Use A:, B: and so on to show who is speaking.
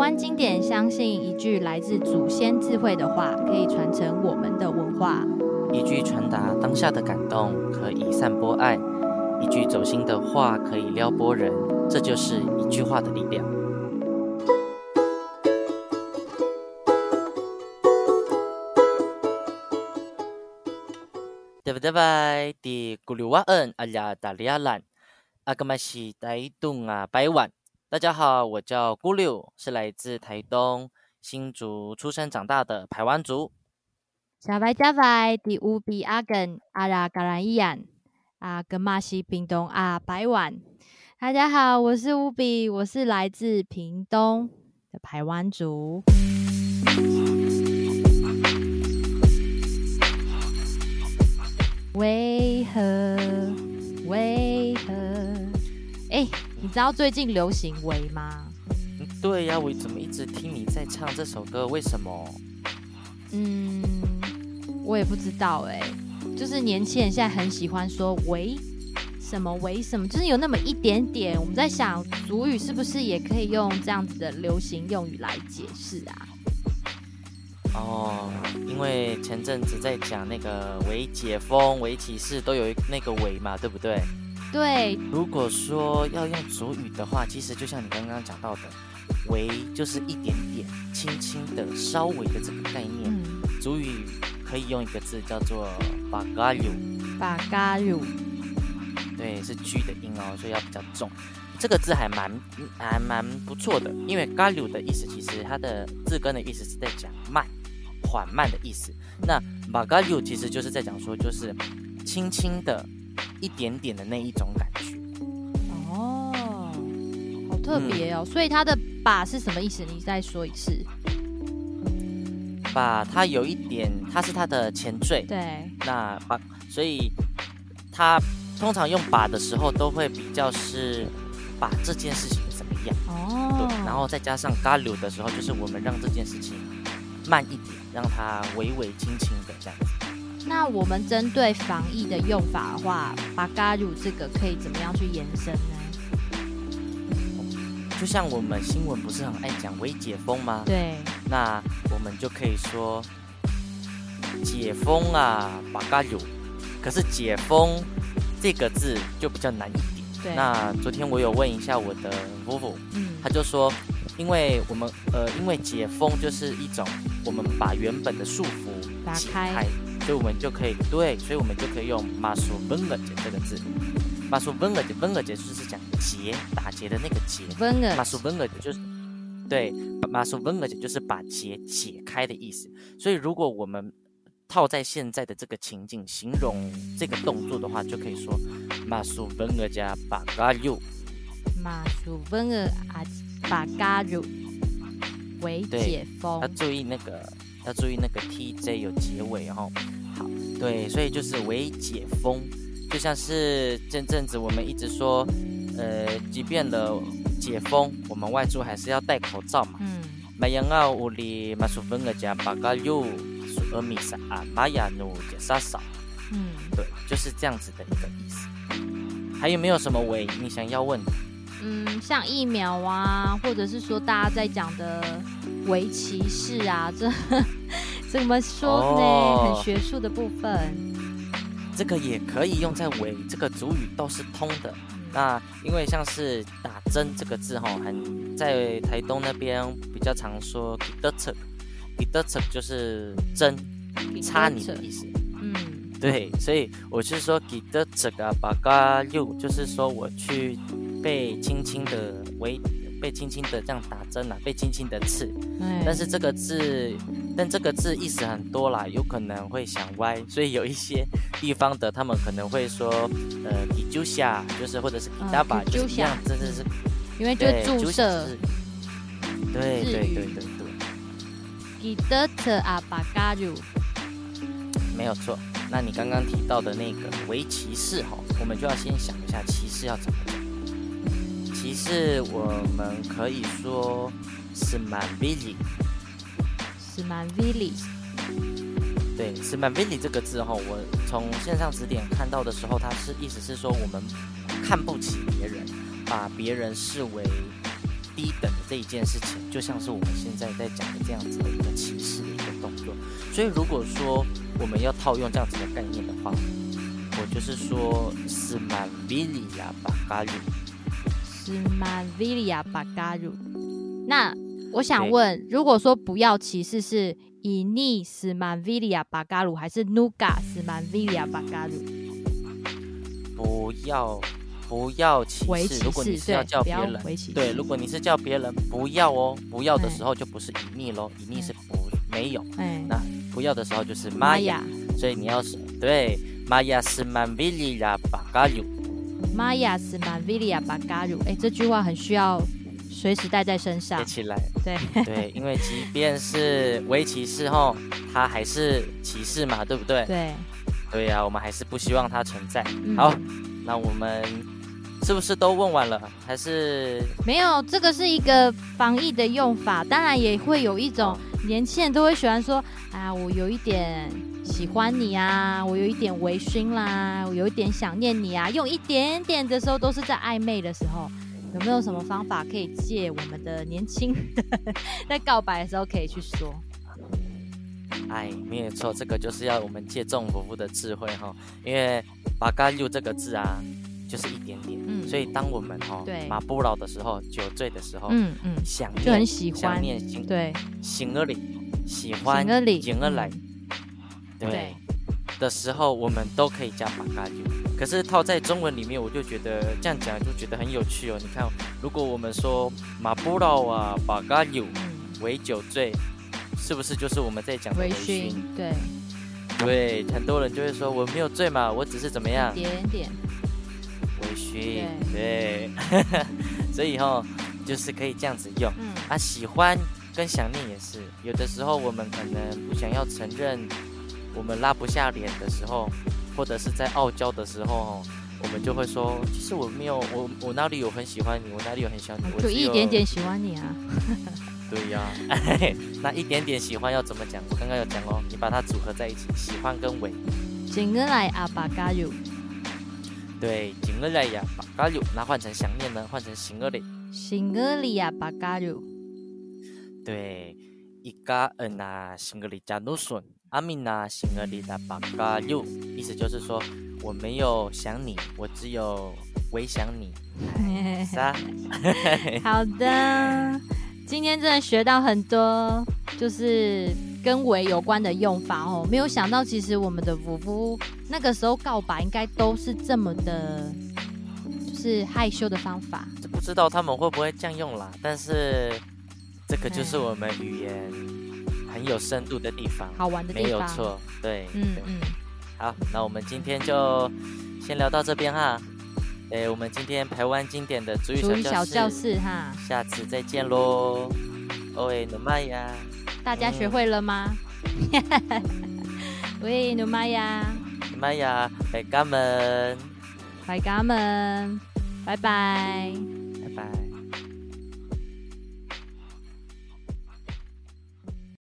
A: 關經典，相信一句來自祖先智慧的話，可以傳承我們的文化。
B: 一句傳達當下的感動，可以散播愛；一句走心的話，可以撩撥人。這就是一句話的力量。對不對？拜，滴古留哇恩，阿呀達利亞蘭，阿個嘛是帶動啊百萬。大家好，我叫辜六，是來自台東，新竹出生長大的排灣族。
A: 小白加白，第五比阿根阿拉嘎然一眼，阿根罵西冰東阿、啊、白碗。大家好，我是烏比，我是來自屏東的排灣族。為何？你知道最近流行“微”嗎？
B: 嗯，對呀、啊，我怎麼一直聽你在唱這首歌？為什麼？
A: 嗯，我也不知道哎、欸。就是年輕人現在很喜歡說“微”什麼“微”什麼，就是有那麼一點點。我們在想，主語是不是也可以用這樣子的流行用語來解釋啊？
B: 哦，因為前陣子在講那個“微”解封“微”啟事都有那個“微”嘛，對不對？對，如果說要用族語的話，其實就像你剛剛講到的，微就是一點點、輕輕的、稍微的這個概念。族、嗯、語可以用一個字叫做巴、嗯、嘎魯，巴嘎魯。對，是 G 的音哦，所以要比較重。這個字還蠻還、嗯啊、蠻不錯的，因為嘎魯的意思其實它的字根的意思是在講慢、緩慢的意思。那巴嘎魯其實就是在講說就是輕輕的。一點點的那一種感覺，
A: 哦，好特別哦。嗯，所以它的把是什麼意思？你再說一次。
B: 把它有一點，它是它的前綴。對。那把，所以它通常用把的時候，都會比較是把這件事情怎麼樣？哦。對。然後再加上嘎溜的時候，就是我們讓這件事情慢一點，讓它微微輕輕的這樣子。
A: 那我們針對防疫的用法的話，巴嘎乳這個可以怎麼樣去延伸呢？
B: 就像我們新聞不是很愛講“微解封”嗎？對。那我們就可以說“解封啊，巴嘎乳”。可是“解封”這個字就比較難一點。對。那昨天我有問一下我的 vuvu 嗯，他就說，因為我們呃，因為解封就是一種我們把原本的束縛打開。所以我們就可以對，所以我們就可以用 masu wenga 加這個字，masu wenga 的 wenga 就是講結打結的那個結，masu wenga 就是，對，masu wenga 就是把結解，解開的意思。所以如果我們套在現在的這個情景，形容這個動作的話，就可以說 masu wenga 加 bagaru，masu
A: wenga 加 bagaru 為解封。對。要
B: 注意那個，要注意那個 tj 有結尾哈。對，所以就是微解封，就像是這陣子我們一直說，呃，即便了解封，我們外出還是要戴口罩嘛。嗯。對，就是這
A: 樣
B: 子的一個意思。還有沒有什麼微你想要問？的？
A: 嗯，像疫苗啊，或者是說大家在講的微歧視啊，這。 怎麼說呢，oh, 很學術的部分。
B: 這個也可以用在微，這個族語，都是通的。嗯、那因為像是打針這個字哈、哦，很在台東那邊比較常說“給得扯”，“給得扯”就是針、插你的意思。嗯，對，所以我是說“給得扯八噶六”，就是說我去被輕輕的微。被輕輕的這樣打針了、啊，被輕輕的刺，哎、但是這個字，但這個字意思很多啦，有可能會想歪，所以有一些地方的他們可能會說，呃，急救下，就是或者是給他把這樣真的、就是，
A: 因為注射，
B: 對對對對對。
A: 對對對對對
B: 沒有錯，那你剛剛提到的那個圍棋士哈，我們就要先想一下棋士要怎麼。其實我們可以說是滿卑劣，
A: 是滿卑劣。
B: 對，是滿卑劣這個字哈，我從線上詞典看到的時候，它是意思是說我們看不起別人，把別人視為低等的這一件事情，就像是我們現在在講的這樣子的一個歧視的一個動作。所以如果說我們要套用這樣子的概念的話，我就是說是滿卑劣呀，把咖喱。
A: 斯曼維利亞巴加魯，那我想問，如果說不要歧視，是以逆斯曼維利亞巴加魯，還是努加斯曼維利亞巴加魯？
B: 不要，不要歧視。如果你是要叫別人，對，如果你是叫別人不要哦，不要的時候就不是隱祕嘍，隱祕是不沒有，嗯，那不要的時候就是瑪雅，所以你要是對，瑪雅斯曼維利亞巴加魯。
A: 瑪雅是馬維利亞巴嘎乳，哎，這句話很需要隨時帶在身
B: 上。起來。對對，因為即便是微歧視後他還是歧視嘛，對不對？對。對啊，我們還是不希望他存在。嗯、好，那我們是不是都問完了？還是
A: 沒有？這個是一個防疫的用法，當然也會有一種年輕人都會喜歡說，啊，我有一點，喜歡你啊，我有一點微醺啦，我有一點想念你啊，用一點點的時候都是在曖昧的時候，有沒有什麼方法可以借我們的年輕，在告白的時候可以去說？
B: 哎，沒有錯，這個就是要我們借眾佛的智慧哈、哦，因為把“乾酒”這個字啊，就是一點點，嗯，所以當我們哈、哦、對馬不老的時候，酒醉的時候，嗯嗯，嗯，想念，就很喜歡想念行對，醒了來，喜歡，醒而來。對，對的時候，我們都可以加八嘎油。可是套在中文裡面，我就覺得這樣講就覺得很有趣哦。你看，如果我們說馬布勞啊，八嘎油，微酒、嗯、醉，是不是就是我們在講的微
A: 醺？對，
B: 對，很多人就會說我沒有醉嘛，我只是怎麼樣，點點微醺熏。對，對 所以哈、哦，就是可以這樣子用。嗯、啊，喜歡跟想念也是，有的時候我們可能不想要承認。我們拉不下臉的時候，或者是在傲嬌的時候，我們就會說：“其實我沒有，我我哪裡有很喜歡你，我哪裡有很喜歡你，啊、我有就一點點喜歡你啊。 對啊”對呀，那一點點喜歡要怎麼講？我剛剛有講哦，你把它組合在一起，喜歡跟尾。
A: 新兒來阿、啊、巴加喲。
B: 對，新兒來呀、啊、巴加喲。那換成想念呢？換成新兒的。
A: 新兒里呀、啊、巴加喲。
B: 對，一加恩啊，新兒里加努順。阿米娜，心兒裡的八卦六，意思就是說，我沒有想你，我只有微想你，三好
A: 的，今天真的學到很多，就是跟微有關的用法哦。沒有想到，其實我們的父母那個時候告白，應該都是這麼的，就是害羞的方法。
B: 不知道他們會不會這樣用啦？但是，這個就是我們語言。 很有深度的地方，好玩的地方，沒有錯，對，嗯嗯，對嗯好，那我們今天就先聊到這邊哈。哎、欸，我們今天台灣經典的族語小教室哈，室嗯、下次再見嘍。喂、嗯，努媽呀，
A: 大家學會了嗎？嗯、 喂，努媽呀，
B: 努媽呀，拜嘉們，拜
A: 嘉們，拜拜。